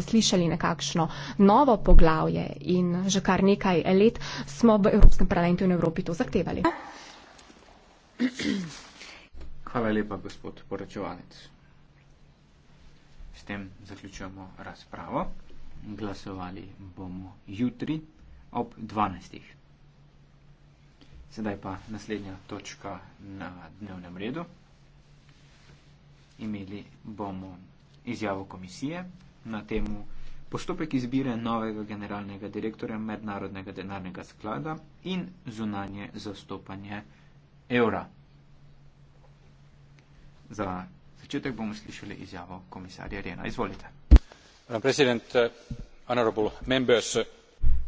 slišali nekakšno novo poglavje in že kar nekaj let smo v Evropskem parlamentu in Evropi to zahtevali. Hvala lepa, gospod poročevalec. S tem zaključujemo razpravo. Glasovali bomo jutri ob 12. Sedaj pa naslednja točka na dnevnem redu. Imeli bomo izjavo komisije na temu postopek izbire novega generalnega direktorja Mednarodnega denarnega sklada in zunanje zastopanje evra. Za začetek bomo slišali izjavo komisarja Rena. Izvolite. Uh,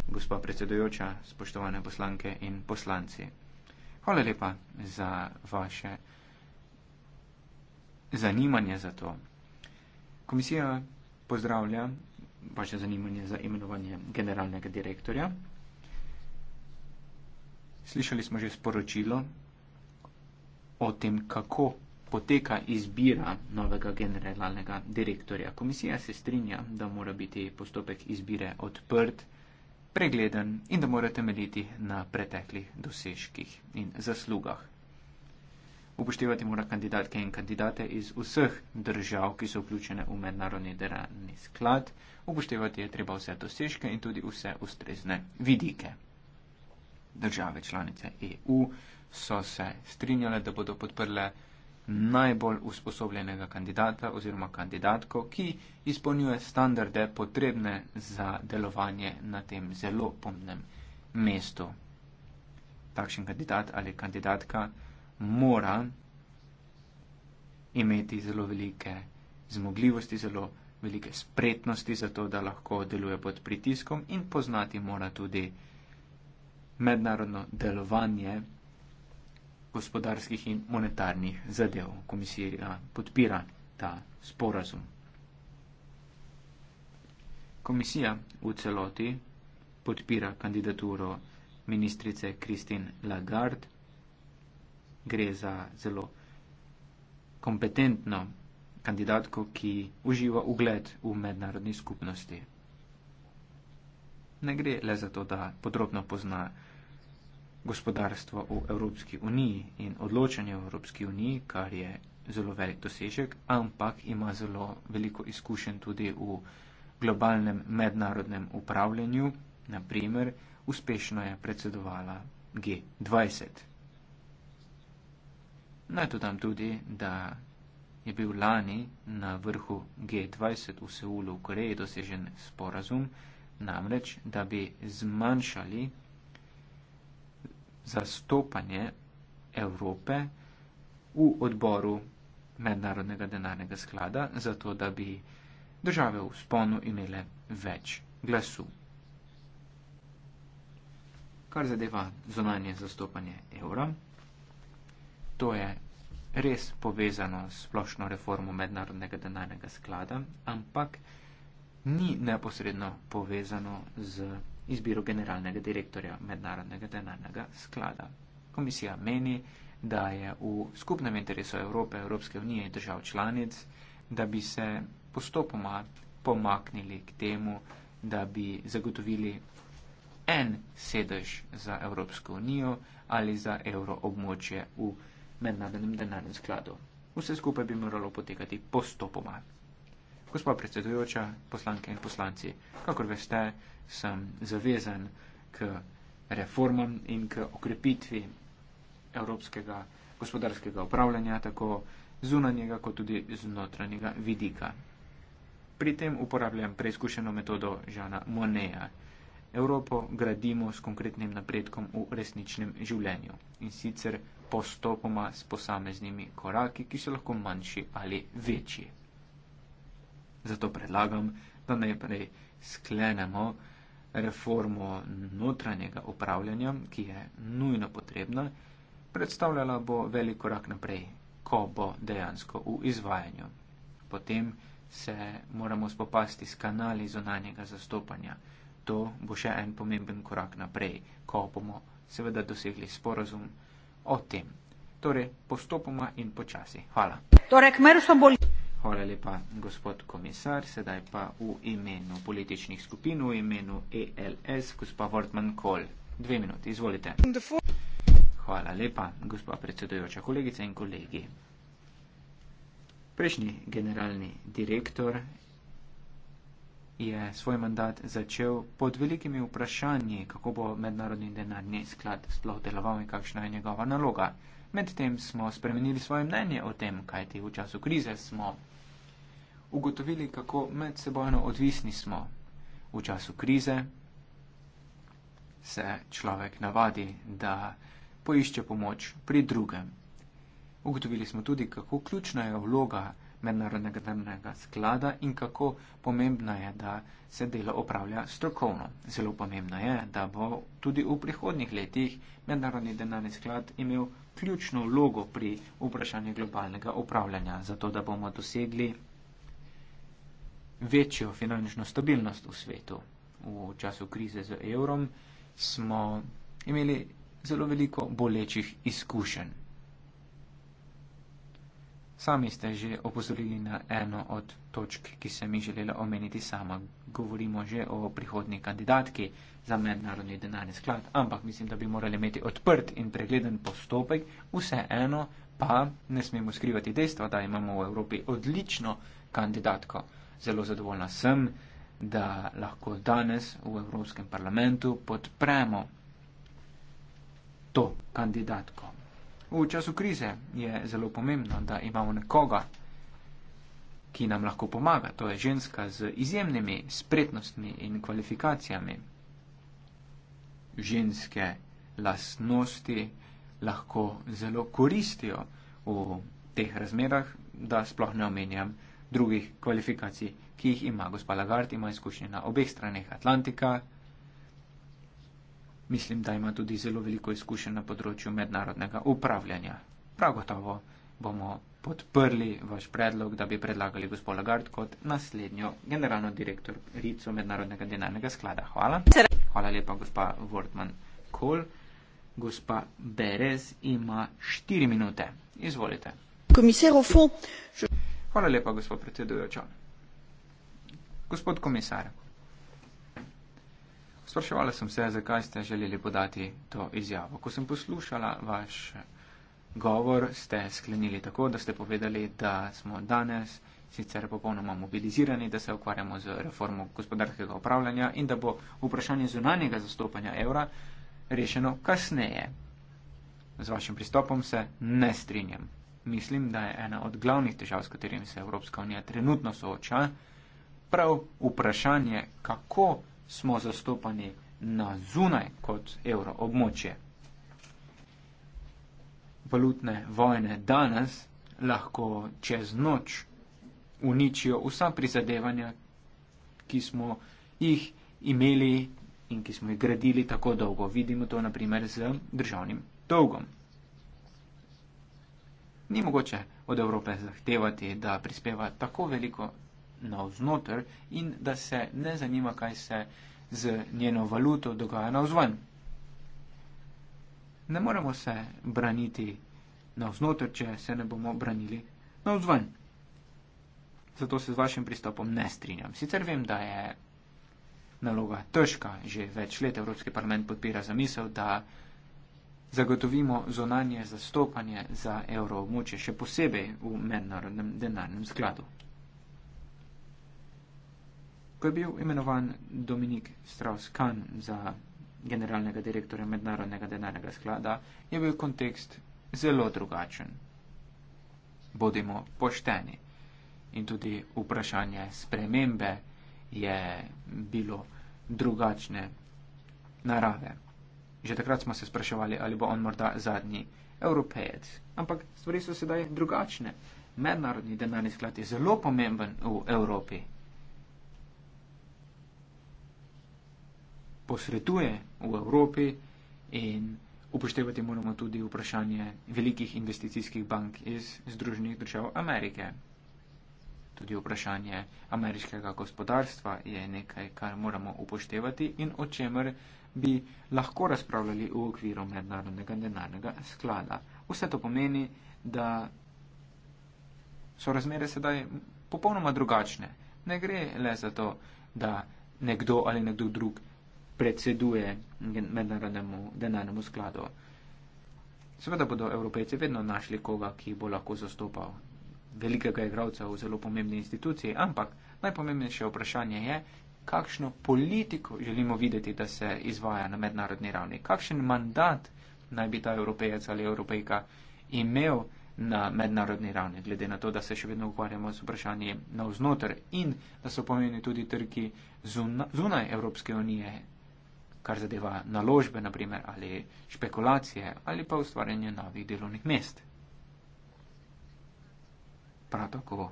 Gospa predsedujoča, spoštovane poslanke in poslanci. Hvala lepa za vaše zanimanje za to. Komisija pozdravlja vaše zanimanje za imenovanje generalnega direktorja. Slišali smo že sporočilo o tem, kako poteka izbira novega generalnega direktorja. Komisija se strinja, da mora biti postopek izbire odprt, pregleden in da mora temeljiti na preteklih dosežkih in zaslugah. Upoštevati mora kandidatke in kandidate iz vseh držav, ki so vključene v mednarodni denarni sklad. Upoštevati je treba vse dosežke in tudi vse ustrezne vidike. Države članice EU so se strinjale, da bodo podprle najbolj usposobljenega kandidata oziroma kandidatko, ki izpolnjuje standarde potrebne za delovanje na tem zelo pomnem mestu. Takšen kandidat ali kandidatka mora imeti zelo velike zmogljivosti, zelo velike spretnosti za to, da lahko deluje pod pritiskom in poznati mora tudi mednarodno delovanje gospodarskih in monetarnih zadev. Komisija podpira ta sporazum. Komisija v celoti podpira kandidaturo ministrice Kristin Lagarde gre za zelo kompetentno kandidatko, ki uživa ugled v mednarodni skupnosti. Ne gre le za to, da podrobno pozna gospodarstvo v Evropski uniji in odločanje v Evropski uniji, kar je zelo velik dosežek, ampak ima zelo veliko izkušenj tudi v globalnem mednarodnem upravljanju, naprimer uspešno je predsedovala G20. Naj dodam tudi, da je bil lani na vrhu G20 v Seulu v Koreji dosežen sporazum, namreč, da bi zmanjšali zastopanje Evrope v odboru Mednarodnega denarnega sklada, zato da bi države v sponu imele več glasu. Kar zadeva zonanje zastopanje evra, To je res povezano s splošno reformo mednarodnega denarnega sklada, ampak ni neposredno povezano z izbiro generalnega direktorja mednarodnega denarnega sklada. Komisija meni, da je v skupnem interesu Evrope, Evropske unije in držav članic, da bi se postopoma pomaknili k temu, da bi zagotovili en sedež za Evropsko unijo ali za evroobmočje v Evropi mednarodnem denarnem skladu. Vse skupaj bi moralo potekati postopoma. Gospa predsedujoča, poslanke in poslanci, kakor veste, sem zavezan k reformam in k okrepitvi evropskega gospodarskega upravljanja, tako zunanjega kot tudi znotranjega vidika. Pri tem uporabljam preizkušeno metodo Žana Moneja. Evropo gradimo s konkretnim napredkom v resničnem življenju in sicer postopoma s posameznimi koraki, ki so lahko manjši ali večji. Zato predlagam, da najprej sklenemo reformo notranjega upravljanja, ki je nujno potrebna, predstavljala bo velik korak naprej, ko bo dejansko v izvajanju. Potem se moramo spopasti s kanali zonanjega zastopanja to bo še en pomemben korak naprej, ko bomo seveda dosegli sporazum o tem. Torej, postopoma in počasi. Hvala. Torej, bolj... Hvala lepa, gospod komisar. Sedaj pa v imenu političnih skupin, v imenu ELS, gospa Wortman Kohl. Dve minuti, izvolite. Hvala lepa, gospa predsedujoča, kolegice in kolegi. Prejšnji generalni direktor je svoj mandat začel pod velikimi vprašanji, kako bo mednarodni denarni sklad sploh deloval in kakšna je njegova naloga. Medtem smo spremenili svoje mnenje o tem, kajti v času krize smo ugotovili, kako medsebojno odvisni smo. V času krize se človek navadi, da poišče pomoč pri drugem. Ugotovili smo tudi, kako ključna je vloga Mednarodnega denarnega sklada in kako pomembno je, da se delo opravlja strokovno. Zelo pomembno je, da bo tudi v prihodnjih letih Mednarodni denarni sklad imel ključno vlogo pri vprašanju globalnega upravljanja, zato da bomo dosegli večjo finančno stabilnost v svetu. V času krize z evrom smo imeli zelo veliko bolečih izkušenj. Sami ste že opozorili na eno od točk, ki sem jih želela omeniti sama. Govorimo že o prihodni kandidatki za mednarodni denarni sklad, ampak mislim, da bi morali imeti odprt in pregleden postopek. Vseeno pa ne smemo skrivati dejstva, da imamo v Evropi odlično kandidatko. Zelo zadovoljna sem, da lahko danes v Evropskem parlamentu podpremo to kandidatko. V času krize je zelo pomembno, da imamo nekoga, ki nam lahko pomaga. To je ženska z izjemnimi spretnostmi in kvalifikacijami. Ženske lasnosti lahko zelo koristijo v teh razmerah, da sploh ne omenjam drugih kvalifikacij, ki jih ima gospa Lagarde, ima izkušnje na obeh straneh Atlantika. Mislim, da ima tudi zelo veliko izkušenj na področju mednarodnega upravljanja. Prav gotovo bomo podprli vaš predlog, da bi predlagali gospo Lagard kot naslednjo generalno direktorico Mednarodnega denarnega sklada. Hvala. Hvala lepa, gospa Wortman Kohl. Gospa Berez ima štiri minute. Izvolite. Hvala lepa, gospod predsedujoča. Gospod komisar. Spraševala sem se, zakaj ste želeli podati to izjavo. Ko sem poslušala vaš govor, ste sklenili tako, da ste povedali, da smo danes sicer popolnoma mobilizirani, da se ukvarjamo z reformo gospodarskega upravljanja in da bo vprašanje zunanjega zastopanja evra rešeno kasneje. Z vašim pristopom se ne strinjam. Mislim, da je ena od glavnih težav, s katerimi se Evropska unija trenutno sooča, prav vprašanje, kako smo zastopani na zunaj kot evro območje. Valutne vojne danes lahko čez noč uničijo vsa prizadevanja, ki smo jih imeli in ki smo jih gradili tako dolgo. Vidimo to naprimer z državnim dolgom. Ni mogoče od Evrope zahtevati, da prispeva tako veliko navznoter in da se ne zanima, kaj se z njeno valuto dogaja navzven. Ne moremo se braniti navznoter, če se ne bomo branili navzven. Zato se z vašim pristopom ne strinjam. Sicer vem, da je naloga težka, že več let Evropski parlament podpira zamisel, da zagotovimo zonanje zastopanje za evroobmoče, še posebej v mednarodnem denarnem skladu ko je bil imenovan Dominik Strauss-Kahn za generalnega direktorja Mednarodnega denarnega sklada, je bil kontekst zelo drugačen. Bodimo pošteni. In tudi vprašanje spremembe je bilo drugačne narave. Že takrat smo se spraševali, ali bo on morda zadnji evropejec. Ampak stvari so sedaj drugačne. Mednarodni denarni sklad je zelo pomemben v Evropi. posreduje v Evropi in upoštevati moramo tudi vprašanje velikih investicijskih bank iz Združenih držav Amerike. Tudi vprašanje ameriškega gospodarstva je nekaj, kar moramo upoštevati in o čemer bi lahko razpravljali v okviru mednarodnega denarnega sklada. Vse to pomeni, da so razmere sedaj popolnoma drugačne. Ne gre le za to, da nekdo ali nekdo drug predseduje mednarodnemu denarnemu skladu. Seveda bodo evropejci vedno našli koga, ki bo lahko zastopal velikega igralca v zelo pomembni instituciji, ampak najpomembnejše vprašanje je, kakšno politiko želimo videti, da se izvaja na mednarodni ravni. Kakšen mandat naj bi ta evropejec ali evropejka imel na mednarodni ravni, glede na to, da se še vedno ukvarjamo z vprašanjem navznoter in da so pomembni tudi trgi zuna, zunaj Evropske unije, kar zadeva naložbe, naprimer, ali špekulacije, ali pa ustvarjanje novih delovnih mest. Prav tako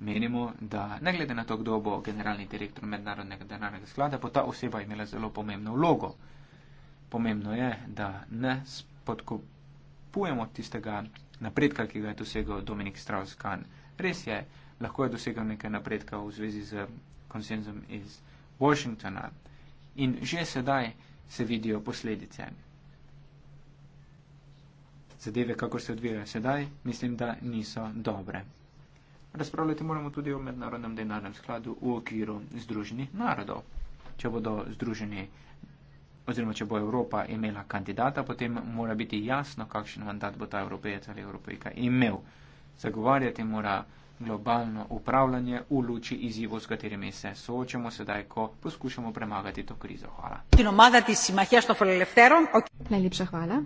menimo, da ne glede na to, kdo bo generalni direktor Mednarodnega denarnega sklada, bo ta oseba imela zelo pomembno vlogo. Pomembno je, da ne spodkopujemo tistega napredka, ki ga je dosegel Dominik Strauss-Kahn. Res je, lahko je dosegel nekaj napredka v zvezi z konsenzom iz Washingtona in že sedaj se vidijo posledice. Zadeve, kako se odvijajo sedaj, mislim, da niso dobre. Razpravljati moramo tudi o mednarodnem denarnem skladu v okviru Združenih narodov. Če bodo združeni, oziroma če bo Evropa imela kandidata, potem mora biti jasno, kakšen mandat bo ta evropejec ali evropejka imel. Zagovarjati mora globalno upravljanje v luči izzivov, s katerimi se soočamo sedaj, ko poskušamo premagati to krizo. Hvala. Najlepša hvala.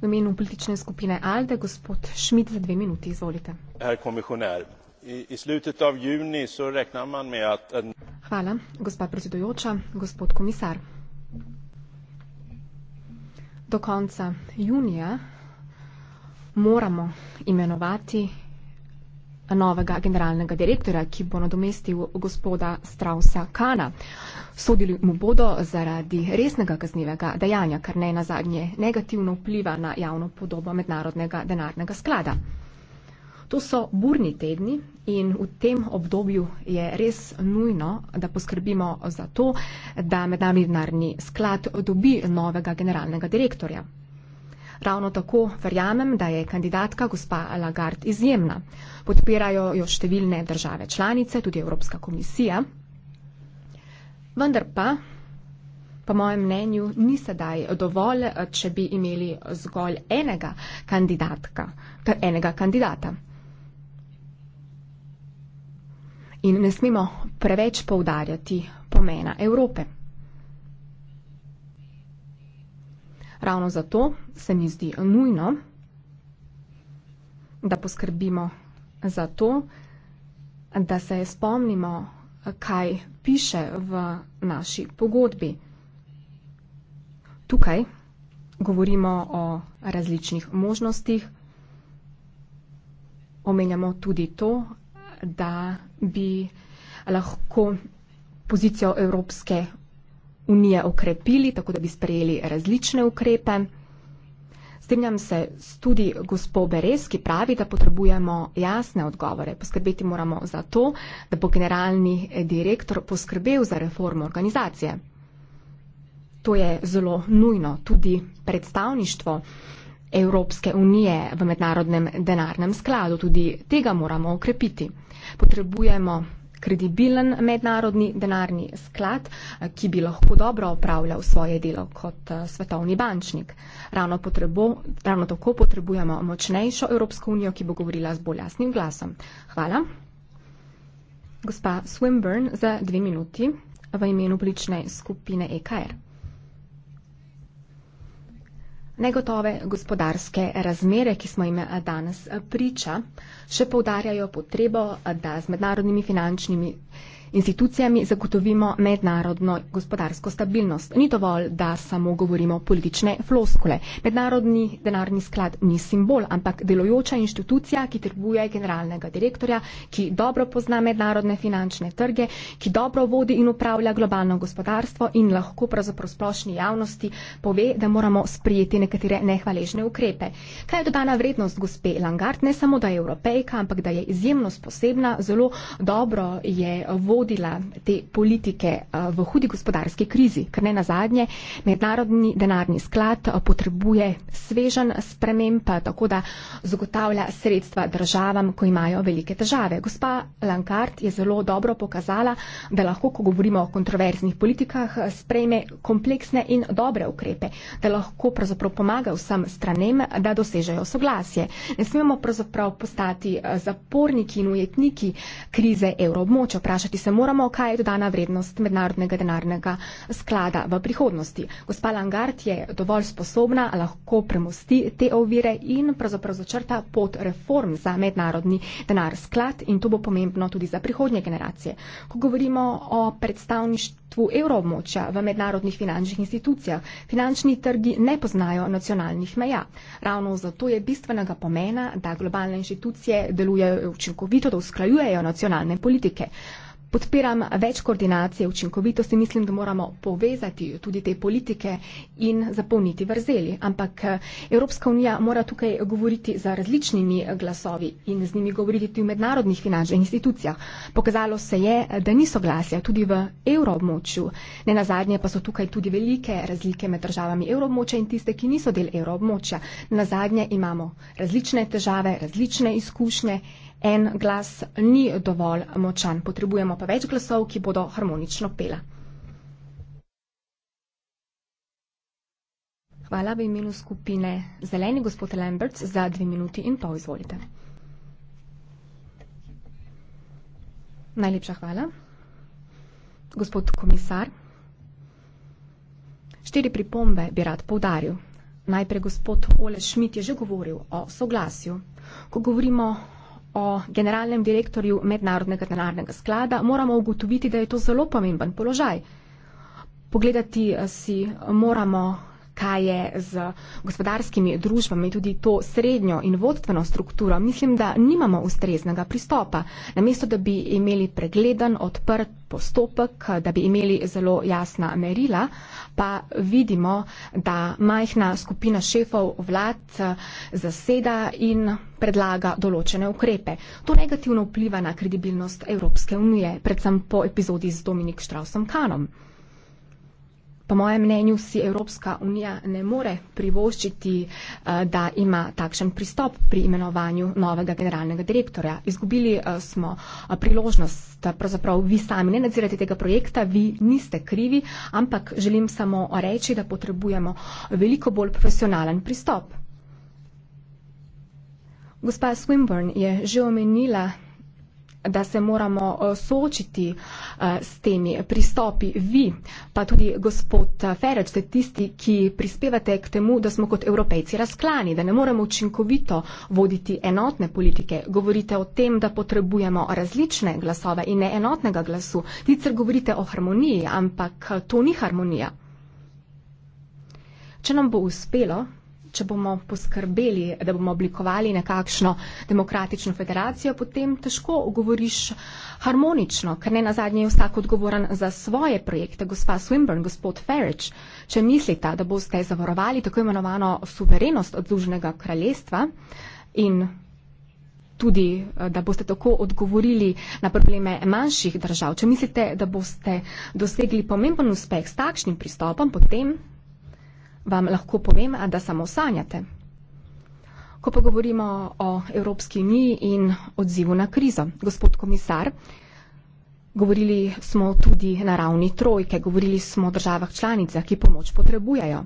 V imenu politične skupine ALDE, gospod Šmit, za dve minuti, izvolite. Hvala, gospa predsedujoča, gospod komisar. Do konca junija moramo imenovati novega generalnega direktorja, ki bo nadomestil gospoda Strausa Kana. Sodili mu bodo zaradi resnega kaznivega dejanja, kar ne na zadnje negativno vpliva na javno podobo mednarodnega denarnega sklada. To so burni tedni in v tem obdobju je res nujno, da poskrbimo za to, da mednarodni denarni sklad dobi novega generalnega direktorja. Ravno tako verjamem, da je kandidatka gospa Lagarde izjemna. Podpirajo jo številne države članice, tudi Evropska komisija. Vendar pa, po mojem mnenju, ni sedaj dovolj, če bi imeli zgolj enega, kandidatka, eh, enega kandidata. In ne smemo preveč poudarjati pomena Evrope. Ravno zato se mi zdi nujno, da poskrbimo za to, da se spomnimo, kaj piše v naši pogodbi. Tukaj govorimo o različnih možnostih. Omenjamo tudi to, da bi lahko pozicijo Evropske unije okrepili, tako da bi sprejeli različne ukrepe. Strinjam se tudi gospo Beres, ki pravi, da potrebujemo jasne odgovore. Poskrbeti moramo za to, da bo generalni direktor poskrbel za reformo organizacije. To je zelo nujno. Tudi predstavništvo Evropske unije v mednarodnem denarnem skladu, tudi tega moramo okrepiti. Potrebujemo kredibilen mednarodni denarni sklad, eh, ki bi lahko dobro opravljal svoje delo kot eh, svetovni bančnik. Ravno, potrebo, ravno tako potrebujemo močnejšo Evropsko unijo, ki bo govorila z bolj jasnim glasom. Hvala. Gospa Swinburne za dve minuti v imenu blične skupine EKR. Negotove gospodarske razmere, ki smo jim eh, danes eh, priča, še poudarjajo potrebo, eh, da z mednarodnimi finančnimi institucijami zagotovimo mednarodno gospodarsko stabilnost. Ni dovolj, da samo govorimo politične floskole. Mednarodni denarni sklad ni simbol, ampak delojoča inštitucija, ki trguje generalnega direktorja, ki dobro pozna mednarodne finančne trge, ki dobro vodi in upravlja globalno gospodarstvo in lahko pravzaprav splošni javnosti pove, da moramo sprijeti nekatere nehvaležne ukrepe. Kaj je dodana vrednost gospe Langard? Ne samo, da je evropejka, ampak da je izjemnost posebna, zelo dobro je vodila vodila te politike v hudi gospodarski krizi, ker ne na zadnje, mednarodni denarni sklad potrebuje svežen sprememb, tako da zagotavlja sredstva državam, ko imajo velike težave. Gospa Lankart je zelo dobro pokazala, da lahko, ko govorimo o kontroverznih politikah, sprejme kompleksne in dobre ukrepe, da lahko pravzaprav pomaga vsem stranem, da dosežejo soglasje. Ne smemo pravzaprav postati zaporniki in ujetniki krize evroobmoča, vprašati se moramo, kaj je dodana vrednost mednarodnega denarnega sklada v prihodnosti. Gospa Langard je dovolj sposobna, lahko premosti te ovire in pravzaprav začrta pot reform za mednarodni denar sklad in to bo pomembno tudi za prihodnje generacije. Ko govorimo o predstavništvu evroobmočja v mednarodnih finančnih institucijah, finančni trgi ne poznajo nacionalnih meja. Ravno zato je bistvenega pomena, da globalne inštitucije delujejo učinkovito, da usklajujejo nacionalne politike podpiram več koordinacije učinkovitosti, mislim, da moramo povezati tudi te politike in zapolniti vrzeli. Ampak eh, Evropska unija mora tukaj govoriti za različnimi eh, glasovi in z njimi govoriti tudi v mednarodnih finančnih institucijah. Pokazalo se je, eh, da ni soglasja tudi v evroobmočju. Ne na zadnje pa so tukaj tudi velike razlike med državami evroobmočja in tiste, ki niso del evroobmočja. Na zadnje imamo različne težave, različne izkušnje en glas ni dovolj močan, potrebujemo pa več glasov, ki bodo harmonično pela. Hvala v imenu skupine Zeleni, gospod Lamberts, za dve minuti in pol izvolite. Najlepša hvala. Gospod komisar, štiri pripombe bi rad poudaril. Najprej gospod Ole Schmidt je že govoril o soglasju. Ko govorimo o generalnem direktorju Mednarodnega denarnega sklada, moramo ugotoviti, da je to zelo pomemben položaj. Pogledati eh, si moramo kaj je z gospodarskimi družbami, tudi to srednjo in vodstveno strukturo, mislim, da nimamo ustreznega pristopa. Namesto, da bi imeli pregleden, odprt postopek, da bi imeli zelo jasna merila, pa vidimo, da majhna skupina šefov vlad eh, zaseda in predlaga določene ukrepe. To negativno vpliva na kredibilnost Evropske unije, predvsem po epizodi z Dominik Štrausom Kanom. Po mojem mnenju si Evropska unija ne more privoščiti, eh, da ima takšen pristop pri imenovanju novega generalnega direktorja. Izgubili eh, smo eh, priložnost, pravzaprav vi sami ne nadzirate tega projekta, vi niste krivi, ampak želim samo reči, da potrebujemo veliko bolj profesionalen pristop. Gospa Swinburne je že omenila, da se moramo eh, soočiti eh, s temi pristopi. Vi, pa tudi gospod eh, Ferec, ste tisti, ki prispevate k temu, da smo kot evropejci razklani, da ne moremo učinkovito voditi enotne politike. Govorite o tem, da potrebujemo različne glasove in ne enotnega glasu. Sicer govorite o harmoniji, ampak to ni harmonija. Če nam bo uspelo, če bomo poskrbeli, da bomo oblikovali nekakšno demokratično federacijo, potem težko govoriš harmonično, ker ne na zadnje je vsak odgovoren za svoje projekte. Gospa Swinburne, gospod Farage, če mislite, da boste zavarovali tako imenovano suverenost od Zužnega kraljestva in tudi, da boste tako odgovorili na probleme manjših držav. Če mislite, da boste dosegli pomemben uspeh s takšnim pristopom, potem vam lahko povem, da samo sanjate. Ko pa govorimo o Evropski uniji in odzivu na krizo, gospod komisar, govorili smo tudi na ravni trojke, govorili smo o državah članicah, ki pomoč potrebujajo.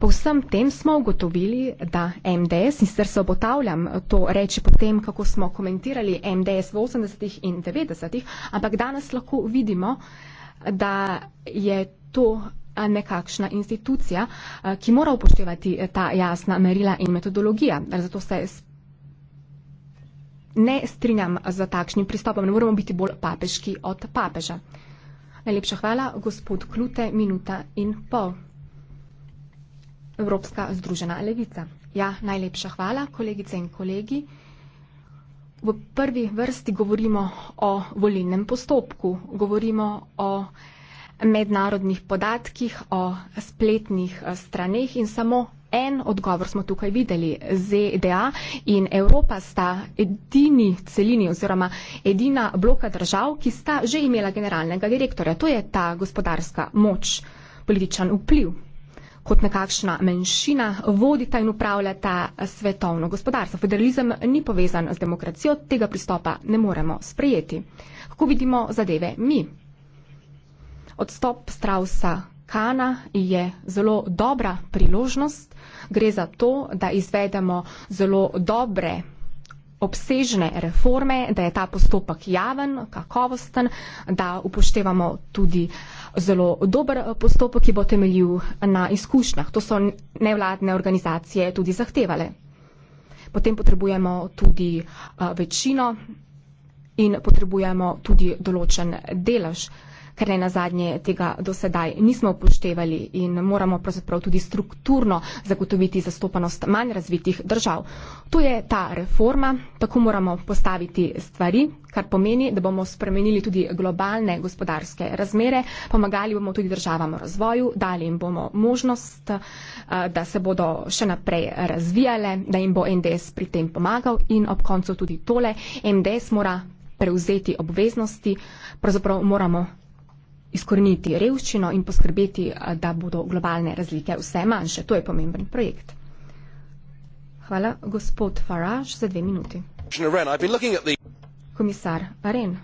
Po vsem tem smo ugotovili, da MDS, in sicer se obotavljam to reči potem, kako smo komentirali MDS v 80-ih in 90-ih, ampak danes lahko vidimo, da je to nekakšna institucija, eh, ki mora upoštevati eh, ta jasna merila in metodologija. Zato se ne strinjam za takšnim pristopom, ne moramo biti bolj papeški od papeža. Najlepša hvala, gospod Klute, minuta in pol. Evropska združena levica. Ja, najlepša hvala, kolegice in kolegi. V prvi vrsti govorimo o volilnem postopku, govorimo o mednarodnih podatkih, o spletnih eh, straneh in samo en odgovor smo tukaj videli. ZDA in Evropa sta edini celini oziroma edina bloka držav, ki sta že imela generalnega direktorja. To je ta gospodarska moč, političen vpliv kot nekakšna menšina vodita in upravljata svetovno gospodarstvo. Federalizem ni povezan z demokracijo, tega pristopa ne moremo sprejeti. Kako vidimo zadeve mi? Odstop Strausa Kana je zelo dobra priložnost. Gre za to, da izvedemo zelo dobre obsežne reforme, da je ta postopek javen, kakovosten, da upoštevamo tudi zelo dober postopek, ki bo temeljil na izkušnjah. To so nevladne organizacije tudi zahtevale. Potem potrebujemo tudi eh, večino in potrebujemo tudi določen delež ker ne nazadnje tega dosedaj nismo upoštevali in moramo pravzaprav tudi strukturno zagotoviti zastopanost manj razvitih držav. To je ta reforma, tako moramo postaviti stvari, kar pomeni, da bomo spremenili tudi globalne gospodarske razmere, pomagali bomo tudi državam v razvoju, dali jim bomo možnost, eh, da se bodo še naprej razvijale, da jim bo NDS pri tem pomagal in ob koncu tudi tole. MDS mora prevzeti obveznosti, pravzaprav moramo izkoreniti revščino in poskrbeti, eh, da bodo globalne razlike vse manjše. To je pomemben projekt. Hvala, gospod Farage, za dve minuti. Komisar Aren.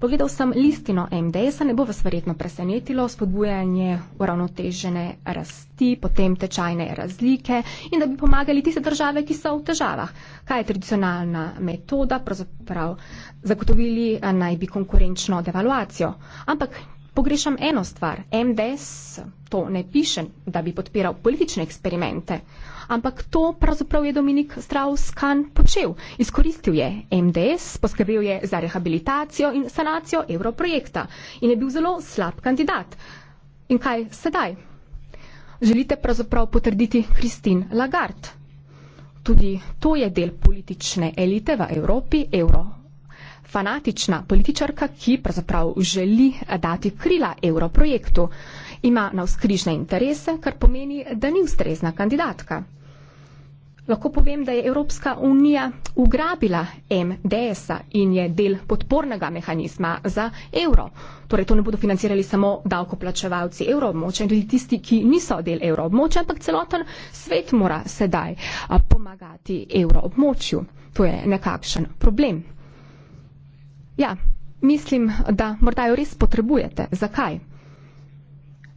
Pogledal sem listino MDS-a, ne bo vas verjetno presenetilo spodbujanje uravnotežene rasti, potem tečajne razlike in da bi pomagali tiste države, ki so v težavah. Kaj je tradicionalna metoda, pravzaprav zagotovili eh, naj bi konkurenčno devaluacijo. Ampak Pogrešam eno stvar. MDS to ne piše, da bi podpiral politične eksperimente, ampak to pravzaprav je Dominik Strauss-Kahn počel. Izkoristil je MDS, poskrbel je za rehabilitacijo in sanacijo evroprojekta in je bil zelo slab kandidat. In kaj sedaj? Želite pravzaprav potrditi Kristin Lagarde. Tudi to je del politične elite v Evropi, Evropi fanatična političarka, ki pravzaprav želi eh, dati krila evroprojektu. Ima navskrižne interese, kar pomeni, da ni ustrezna kandidatka. Lahko povem, da je Evropska unija ugrabila MDS-a in je del podpornega mehanizma za evro. Torej, to ne bodo financirali samo davkoplačevalci evroobmoča in tudi tisti, ki niso del evroobmoča, ampak celoten svet mora sedaj eh, pomagati evroobmočju. To je nekakšen problem. Ja, mislim, da morda jo res potrebujete. Zakaj?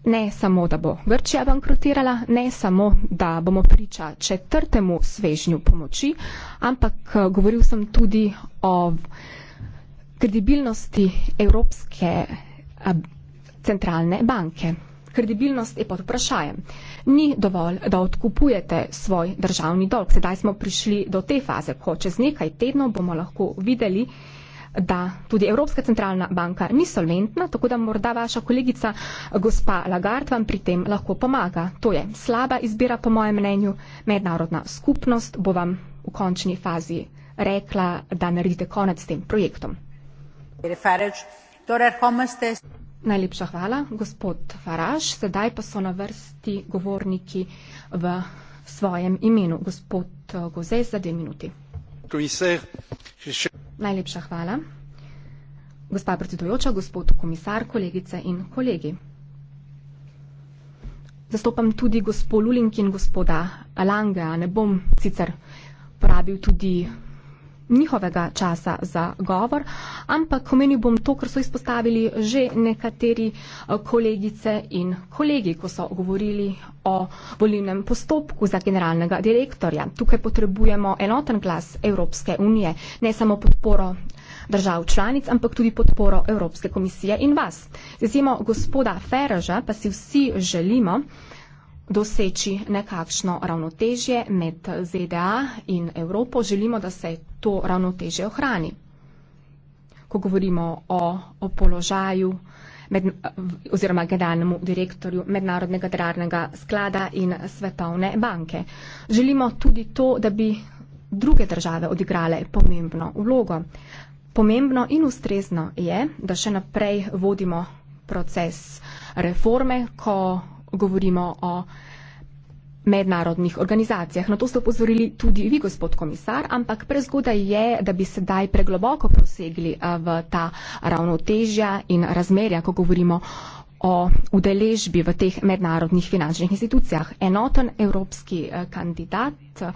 Ne samo, da bo Grčija bankrotirala, ne samo, da bomo priča četrtemu svežnju pomoči, ampak eh, govoril sem tudi o kredibilnosti Evropske eh, centralne banke. Kredibilnost je pod vprašajem. Ni dovolj, da odkupujete svoj državni dolg. Sedaj smo prišli do te faze, ko čez nekaj tednov bomo lahko videli, da tudi Evropska centralna banka ni solventna, tako da morda vaša kolegica gospa Lagarde vam pri tem lahko pomaga. To je slaba izbira, po mojem mnenju. Mednarodna skupnost bo vam v končni fazi rekla, da naredite konec s tem projektom. Torej, Najlepša hvala, gospod Faraž. Sedaj pa so na vrsti govorniki v svojem imenu. Gospod Gozez za dve minuti. Komisar, še. Najlepša hvala. Gospa predsedujoča, gospod komisar, kolegice in kolegi. Zastopam tudi gospo Lulink in gospoda Langa, ne bom sicer porabil tudi njihovega časa za govor, ampak omenil bom to, kar so izpostavili že nekateri eh, kolegice in kolegi, ko so govorili o volilnem postopku za generalnega direktorja. Tukaj potrebujemo enoten glas Evropske unije, ne samo podporo držav članic, ampak tudi podporo Evropske komisije in vas. Zazimo gospoda Feraža, pa si vsi želimo doseči nekakšno ravnotežje med ZDA in Evropo. Želimo, da se to ravnotežje ohrani. Ko govorimo o, o položaju med, oziroma generalnemu direktorju Mednarodnega denarnega sklada in Svetovne banke, želimo tudi to, da bi druge države odigrale pomembno vlogo. Pomembno in ustrezno je, da še naprej vodimo proces reforme, ko govorimo o mednarodnih organizacijah. Na to ste upozorili tudi vi, gospod komisar, ampak prezgodaj je, da bi sedaj pregloboko prosegli eh, v ta ravnotežja in razmerja, ko govorimo o udeležbi v teh mednarodnih finančnih institucijah. Enoten evropski eh, kandidat eh,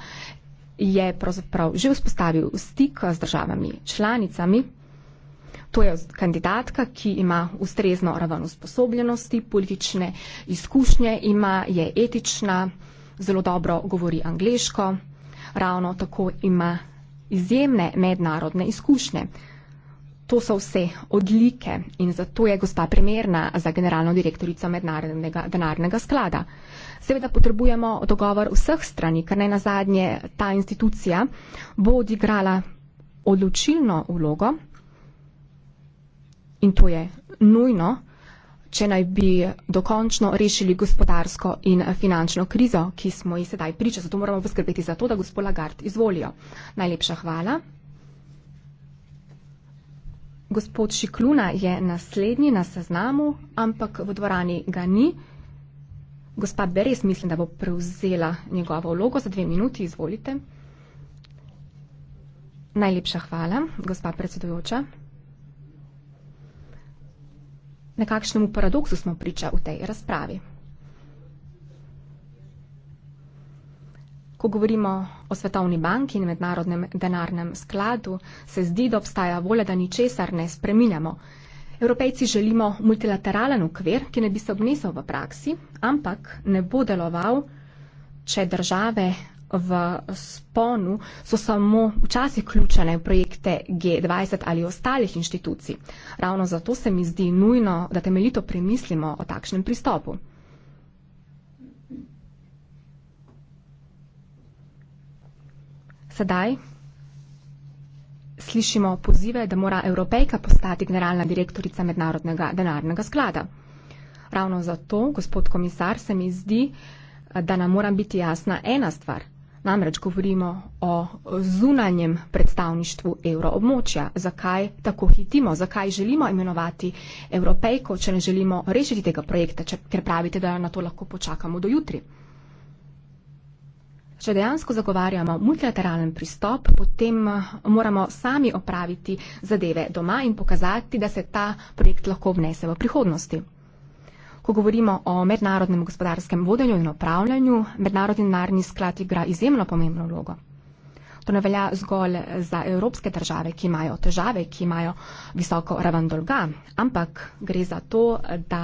je pravzaprav že vzpostavil stik z državami članicami. To je kandidatka, ki ima ustrezno raven usposobljenosti, politične izkušnje, ima je etična zelo dobro govori angliško, ravno tako ima izjemne mednarodne izkušnje. To so vse odlike in zato je gospa primerna za generalno direktorico mednarodnega denarnega sklada. Seveda potrebujemo dogovor vseh strani, ker naj na zadnje ta institucija bo odigrala odločilno vlogo in to je nujno če naj bi dokončno rešili gospodarsko in finančno krizo, ki smo ji sedaj priča. Zato moramo poskrbeti za to, da gospod Lagarde izvolijo. Najlepša hvala. Gospod Šikluna je naslednji na seznamu, ampak v dvorani ga ni. Gospa Beres, mislim, da bo prevzela njegovo vlogo za dve minuti. Izvolite. Najlepša hvala, gospa predsedujoča. Na kakšnemu paradoksu smo priča v tej razpravi? Ko govorimo o Svetovni banki in mednarodnem denarnem skladu, se zdi, da obstaja volja, da ničesar ne spreminjamo. Evropejci želimo multilateralen ukvir, ki ne bi se obnesel v praksi, ampak ne bo deloval, če države v sponu so samo včasih ključene projekte G20 ali ostalih inštitucij. Ravno zato se mi zdi nujno, da temeljito premislimo o takšnem pristopu. Sedaj slišimo pozive, da mora Evropejka postati generalna direktorica mednarodnega denarnega sklada. Ravno zato, gospod komisar, se mi zdi, da nam mora biti jasna ena stvar. Namreč govorimo o zunanjem predstavništvu evroobmočja. Zakaj tako hitimo, zakaj želimo imenovati evropejko, če ne želimo rešiti tega projekta, če, ker pravite, da na to lahko počakamo do jutri. Če dejansko zagovarjamo multilateralen pristop, potem eh, moramo sami opraviti zadeve doma in pokazati, da se ta projekt lahko vnese v prihodnosti. Ko govorimo o mednarodnem gospodarskem vodenju in upravljanju, mednarodni narni sklad igra izjemno pomembno vlogo. To ne velja zgolj za evropske države, ki imajo težave, ki imajo visoko raven dolga, ampak gre za to, da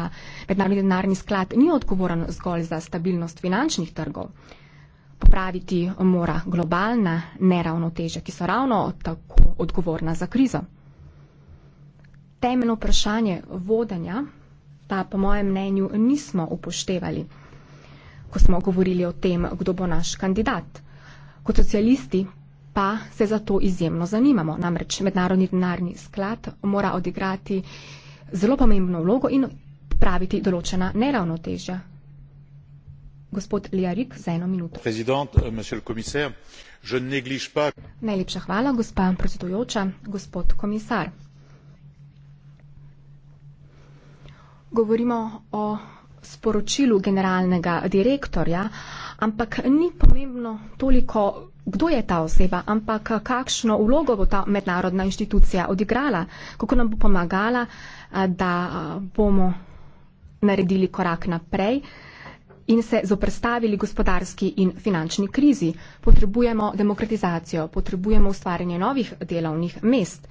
mednarodni denarni sklad ni odgovoren zgolj za stabilnost finančnih trgov. Popraviti mora globalna neravnoteže, ki so ravno tako odgovorna za krizo. Temeljno vprašanje vodenja pa po mojem mnenju nismo upoštevali, ko smo govorili o tem, kdo bo naš kandidat. Kot socialisti pa se za to izjemno zanimamo. Namreč mednarodni denarni sklad mora odigrati zelo pomembno vlogo in praviti določena neravnotežja. Gospod Ljarik, za eno minuto. Prezident, euh, monsieur le commissaire, je ne néglige pas. Najlepša hvala, gospa predsedujoča, gospod komisar. govorimo o sporočilu generalnega direktorja, ampak ni pomembno toliko, kdo je ta oseba, ampak kakšno vlogo bo ta mednarodna inštitucija odigrala, kako nam bo pomagala, da bomo naredili korak naprej in se zoprstavili gospodarski in finančni krizi. Potrebujemo demokratizacijo, potrebujemo ustvarjanje novih delovnih mest.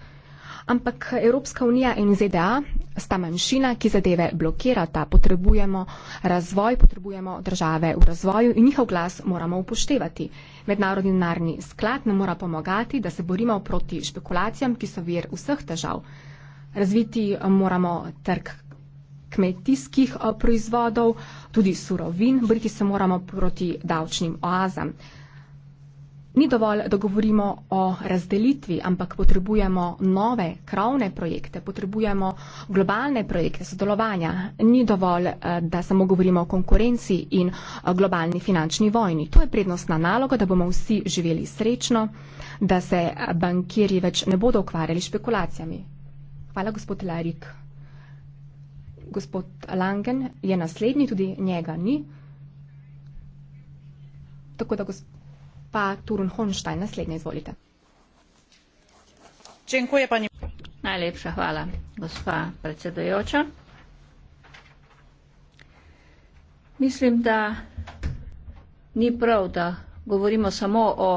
Ampak Evropska unija in ZDA sta manjšina, ki zadeve blokirata. Potrebujemo razvoj, potrebujemo države v razvoju in njihov glas moramo upoštevati. Mednarodni narni sklad nam mora pomagati, da se borimo proti špekulacijam, ki so vir vseh težav. Razviti eh, moramo trg kmetijskih eh, proizvodov, tudi surovin, boriti se moramo proti davčnim oazam. Ni dovolj, da govorimo o razdelitvi, ampak potrebujemo nove kravne projekte, potrebujemo globalne projekte sodelovanja. Ni dovolj, eh, da samo govorimo o konkurenci in eh, globalni finančni vojni. To je prednostna naloga, da bomo vsi živeli srečno, da se eh, bankirji več ne bodo ukvarjali špekulacijami. Hvala, gospod Larik. Gospod Langen je naslednji, tudi njega ni. Tako da gospod gospa Turun Honštajn. Naslednja izvolite. Čenkuje, pani... Najlepša hvala, gospa predsedojoča. Mislim, da ni prav, da govorimo samo o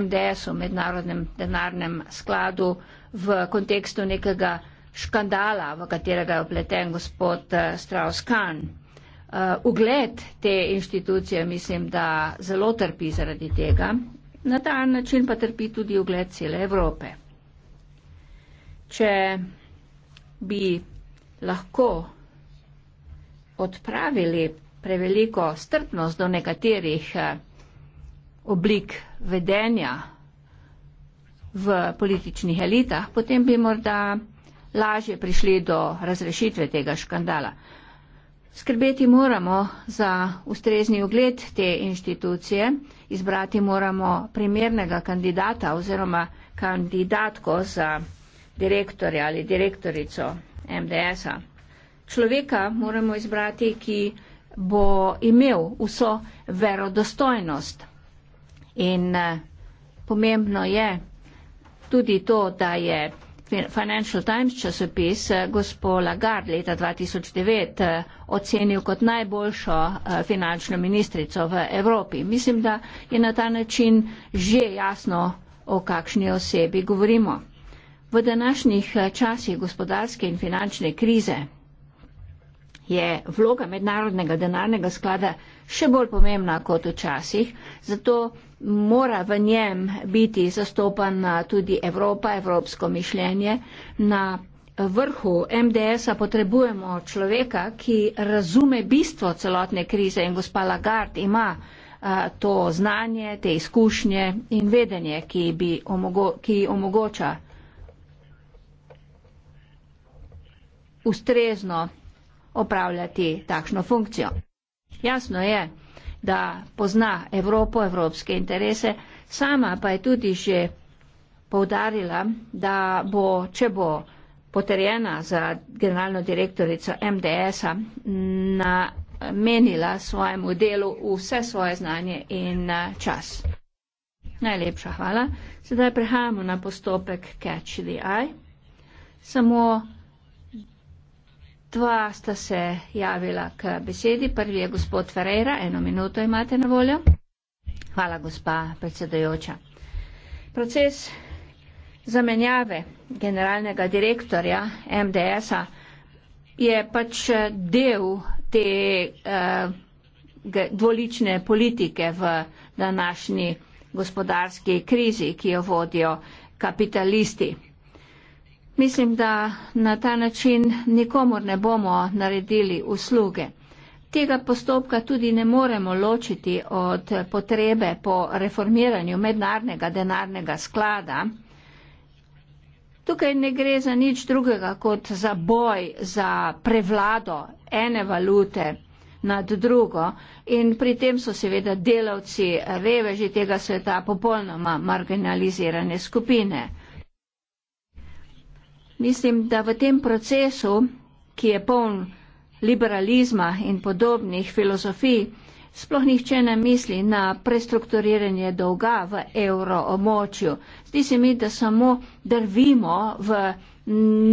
MDS-u, mednarodnem denarnem skladu, v kontekstu nekega škandala, v katerega je opleten gospod eh, Strauss-Kahn. Uh, ugled te inštitucije mislim, da zelo trpi zaradi tega. Na ta način pa trpi tudi ugled cele Evrope. Če bi lahko odpravili preveliko strpnost do nekaterih uh, oblik vedenja v političnih elitah, potem bi morda lažje prišli do razrešitve tega škandala. Skrbeti moramo za ustrezni ugled te inštitucije, izbrati moramo primernega kandidata oziroma kandidatko za direktorja ali direktorico MDS-a. Človeka moramo izbrati, ki bo imel vso verodostojnost. In eh, pomembno je tudi to, da je Financial Times časopis eh, gospo Lagarde leta 2009 eh, ocenil kot najboljšo eh, finančno ministrico v Evropi. Mislim, da je na ta način že jasno, o kakšni osebi govorimo. V današnjih časih gospodarske in finančne krize je vloga mednarodnega denarnega sklada še bolj pomembna kot včasih, zato mora v njem biti zastopana tudi Evropa, evropsko mišljenje. Na vrhu MDS-a potrebujemo človeka, ki razume bistvo celotne krize in gospa Lagarde ima to znanje, te izkušnje in vedenje, ki, bi, ki omogoča ustrezno opravljati takšno funkcijo. Jasno je, da pozna Evropo, evropske interese. Sama pa je tudi že povdarila, da bo, če bo potrjena za generalno direktorico MDS-a, namenila svojemu delu vse svoje znanje in eh, čas. Najlepša hvala. Sedaj prehajamo na postopek Catch the Eye. Samo Dva sta se javila k besedi. Prvi je gospod Ferreira, eno minuto imate na voljo. Hvala, gospa predsedajoča. Proces zamenjave generalnega direktorja MDS-a je pač del te eh, dvolične politike v današnji gospodarski krizi, ki jo vodijo kapitalisti. Mislim, da na ta način nikomor ne bomo naredili usluge. Tega postopka tudi ne moremo ločiti od potrebe po reformiranju mednarodnega denarnega sklada. Tukaj ne gre za nič drugega kot za boj, za prevlado ene valute nad drugo in pri tem so seveda delavci reveži tega sveta popolnoma marginalizirane skupine. Mislim, da v tem procesu, ki je poln liberalizma in podobnih filozofij, sploh nihče ne misli na prestrukturiranje dolga v evro območju. Zdi se mi, da samo drvimo v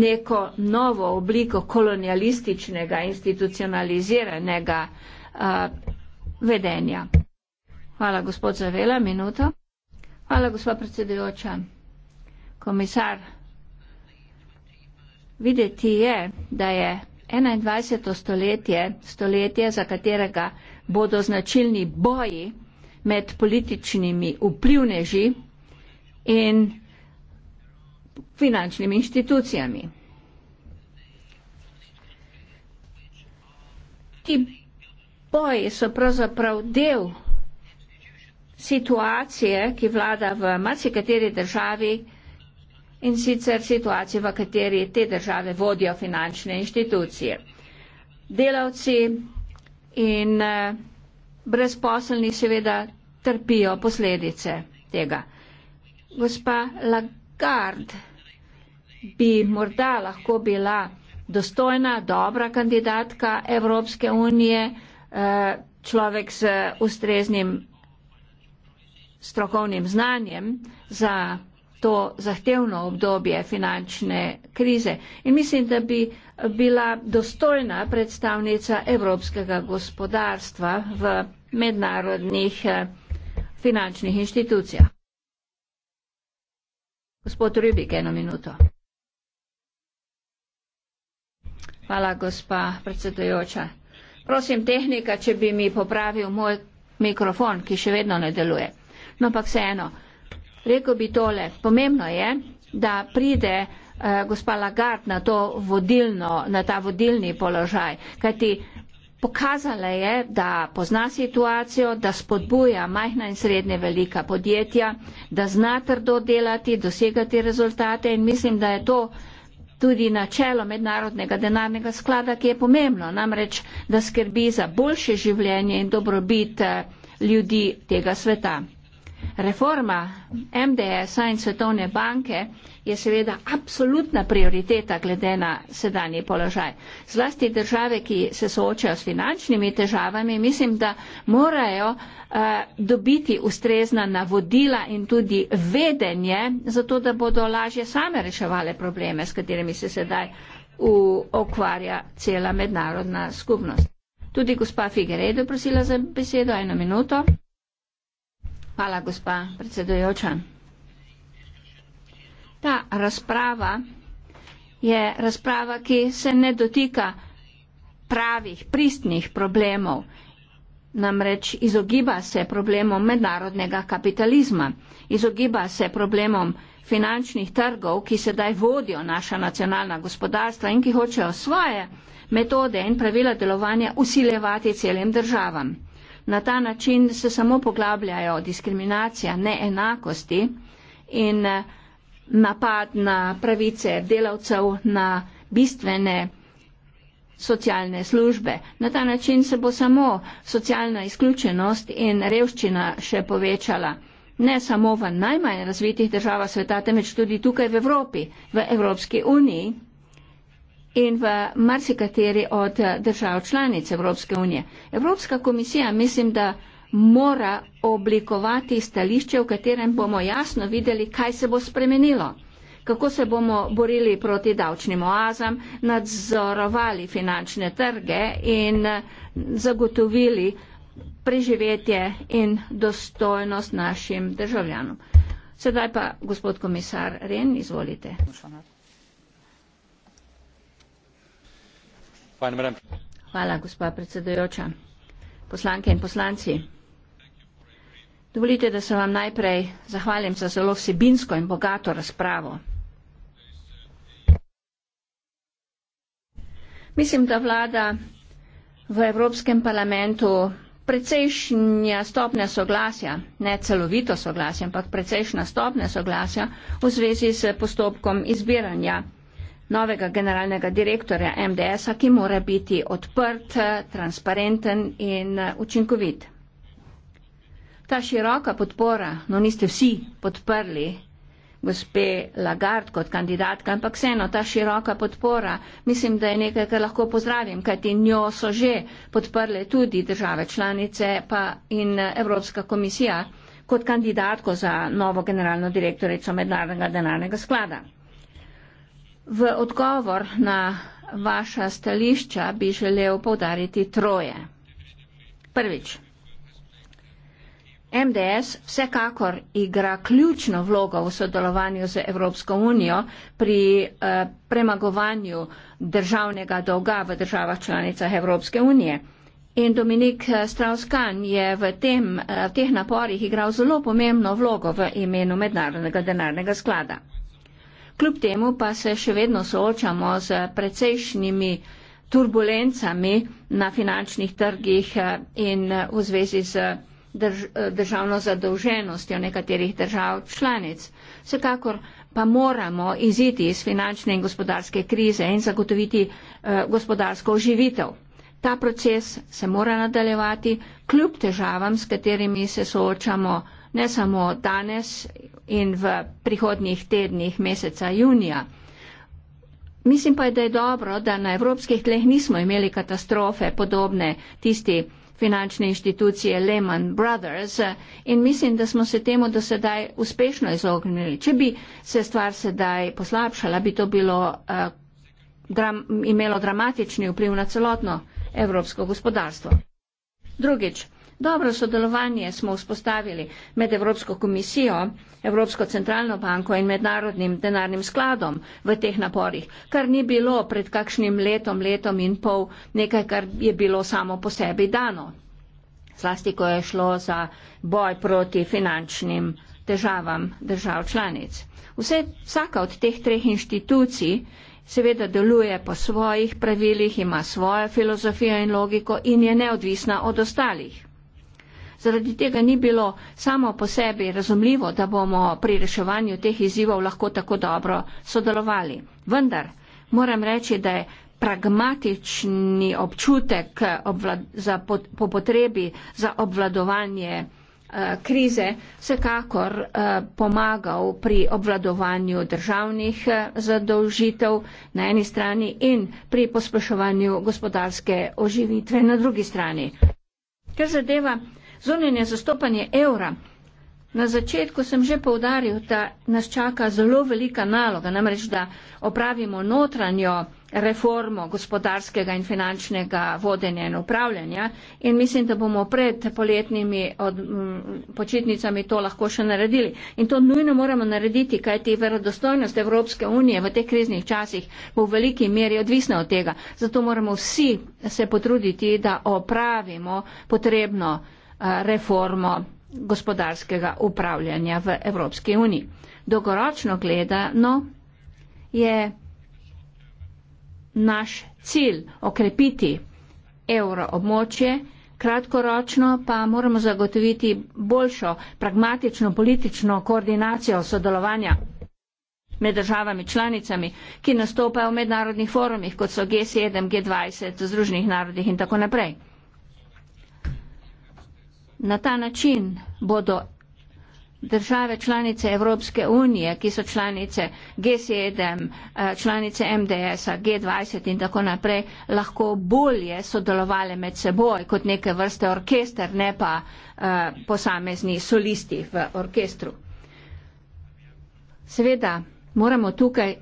neko novo obliko kolonialističnega, institucionaliziranega uh, vedenja. Hvala, gospod Zavela, minuto. Hvala, gospod predsedujoča. Komisar. Videti je, da je 21. stoletje stoletje, za katerega bodo značilni boji med političnimi vplivneži in finančnimi inštitucijami. Ti boji so pravzaprav del situacije, ki vlada v marsikateri državi, in sicer situacijo, v kateri te države vodijo finančne inštitucije. Delavci in eh, brezposelni seveda trpijo posledice tega. Gospa Lagarde bi morda lahko bila dostojna, dobra kandidatka Evropske unije, eh, človek z ustreznim strokovnim znanjem za to zahtevno obdobje finančne krize. In mislim, da bi bila dostojna predstavnica evropskega gospodarstva v mednarodnih eh, finančnih inštitucijah. Gospod Rubik, eno minuto. Hvala, gospa predsedujoča. Prosim tehnika, če bi mi popravil moj mikrofon, ki še vedno ne deluje. No, pa vseeno rekel bi tole. Pomembno je, da pride eh, gospa Lagarde na, to vodilno, na ta vodilni položaj, kajti pokazala je, da pozna situacijo, da spodbuja majhna in srednje velika podjetja, da zna trdo delati, dosegati rezultate in mislim, da je to tudi načelo mednarodnega denarnega sklada, ki je pomembno, namreč, da skrbi za boljše življenje in dobrobit eh, ljudi tega sveta. Reforma MDS-a in Svetovne banke je seveda absolutna prioriteta glede na sedanji položaj. Zlasti države, ki se soočajo s finančnimi težavami, mislim, da morajo uh, dobiti ustrezna navodila in tudi vedenje, zato da bodo lažje same reševali probleme, s katerimi se sedaj okvarja cela mednarodna skupnost. Tudi gospa Figeredo prosila za besedo, eno minuto. Hvala, gospa predsedujoča. Ta razprava je razprava, ki se ne dotika pravih, pristnih problemov, namreč izogiba se problemom mednarodnega kapitalizma, izogiba se problemom finančnih trgov, ki sedaj vodijo naša nacionalna gospodarstva in ki hočejo svoje metode in pravila delovanja usilevati celim državam. Na ta način se samo poglabljajo diskriminacija, neenakosti in eh, napad na pravice delavcev, na bistvene socialne službe. Na ta način se bo samo socialna izključenost in revščina še povečala. Ne samo v najmanj razvitih državah sveta, temveč tudi tukaj v Evropi, v Evropski uniji in v marsikateri od držav članic Evropske unije. Evropska komisija mislim, da mora oblikovati stališče, v katerem bomo jasno videli, kaj se bo spremenilo, kako se bomo borili proti davčnim oazam, nadzorovali finančne trge in zagotovili preživetje in dostojnost našim državljanom. Sedaj pa, gospod komisar Ren, izvolite. Poslanat. Hvala, gospa predsedujoča. Poslanke in poslanci. Dovolite, da se vam najprej zahvalim za zelo vsebinsko in bogato razpravo. Mislim, da vlada v Evropskem parlamentu precejšnja stopnja soglasja, ne celovito soglasje, ampak precejšnja stopnja soglasja v zvezi s postopkom izbiranja novega generalnega direktorja MDS-a, ki mora biti odprt, transparenten in učinkovit. Ta široka podpora, no niste vsi podprli gospe Lagarde kot kandidatka, ampak vseeno ta široka podpora, mislim, da je nekaj, kar lahko pozdravim, kajti njo so že podprle tudi države članice pa in Evropska komisija kot kandidatko za novo generalno direktorico Mednarodnega denarnega sklada. V odgovor na vaša stališča bi želel povdariti troje. Prvič, MDS vsekakor igra ključno vlogo v sodelovanju z Evropsko unijo pri eh, premagovanju državnega dolga v državah članicah Evropske unije. In Dominik eh, Strauss-Kahn je v, tem, v eh, teh naporih igral zelo pomembno vlogo v imenu mednarodnega denarnega sklada. Kljub temu pa se še vedno soočamo z precejšnjimi turbulencami na finančnih trgih eh, in eh, v zvezi z eh, drž državno zadolženostjo nekaterih držav članic. Vsekakor pa moramo iziti iz finančne in gospodarske krize in zagotoviti eh, gospodarsko oživitev. Ta proces se mora nadaljevati kljub težavam, s katerimi se soočamo ne samo danes in v prihodnjih tednih meseca junija. Mislim pa, da je dobro, da na evropskih tleh nismo imeli katastrofe podobne tisti finančne inštitucije Lehman Brothers in mislim, da smo se temu do sedaj uspešno izognili. Če bi se stvar sedaj poslabšala, bi to bilo, uh, dram, imelo dramatični vpliv na celotno evropsko gospodarstvo. Drugič, Dobro sodelovanje smo vzpostavili med Evropsko komisijo, Evropsko centralno banko in mednarodnim denarnim skladom v teh naporih, kar ni bilo pred kakšnim letom, letom in pol nekaj, kar je bilo samo po sebi dano. Zlasti, ko je šlo za boj proti finančnim težavam držav članic. Vse, vsaka od teh treh inštitucij seveda deluje po svojih pravilih, ima svojo filozofijo in logiko in je neodvisna od ostalih. Zaradi tega ni bilo samo po sebi razumljivo, da bomo pri reševanju teh izzivov lahko tako dobro sodelovali. Vendar moram reči, da je pragmatični občutek za pot, po potrebi za obvladovanje eh, krize vsekakor eh, pomagal pri obvladovanju državnih eh, zadolžitev na eni strani in pri pospeševanju gospodarske oživitve na drugi strani. Ker zadeva zunanje zastopanje evra. Na začetku sem že povdaril, da nas čaka zelo velika naloga, namreč da opravimo notranjo reformo gospodarskega in finančnega vodenja in upravljanja in mislim, da bomo pred poletnimi od, m, mm, početnicami to lahko še naredili. In to nujno moramo narediti, kajti verodostojnost Evropske unije v teh kriznih časih bo v veliki meri odvisna od tega. Zato moramo vsi se potruditi, da opravimo potrebno reformo Eh, reformo gospodarskega upravljanja v Evropski uniji. Dolgoročno gledano je naš cilj okrepiti evroobmočje, kratkoročno pa moramo zagotoviti boljšo pragmatično politično koordinacijo sodelovanja med državami članicami, ki nastopajo v mednarodnih forumih, kot so G7, G20, Združenih narodih in tako naprej. Na ta način bodo države članice Evropske unije, ki so članice G7, eh, članice MDS, G20 in tako naprej, lahko bolje sodelovali med seboj kot neke vrste orkester, ne pa eh, posamezni solisti v orkestru. Seveda moramo tukaj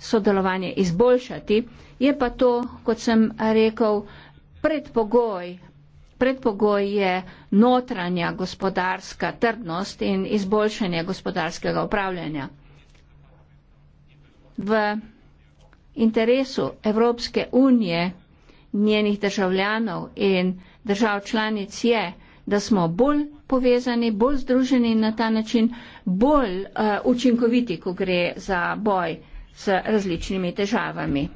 sodelovanje izboljšati, je pa to, kot sem rekel, predpogoj predpogoj je notranja gospodarska trdnost in izboljšanje gospodarskega upravljanja. V interesu Evropske unije, njenih državljanov in držav članic je, da smo bolj povezani, bolj združeni in na ta način bolj uh, učinkoviti, ko gre za boj s različnimi težavami.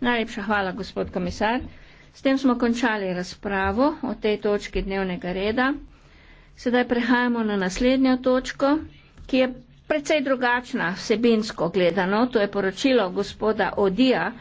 Najlepša hvala, gospod komisar. S tem smo končali razpravo o tej točki dnevnega reda. Sedaj prehajamo na naslednjo točko, ki je precej drugačna vsebinsko gledano. To je poročilo gospoda Odija.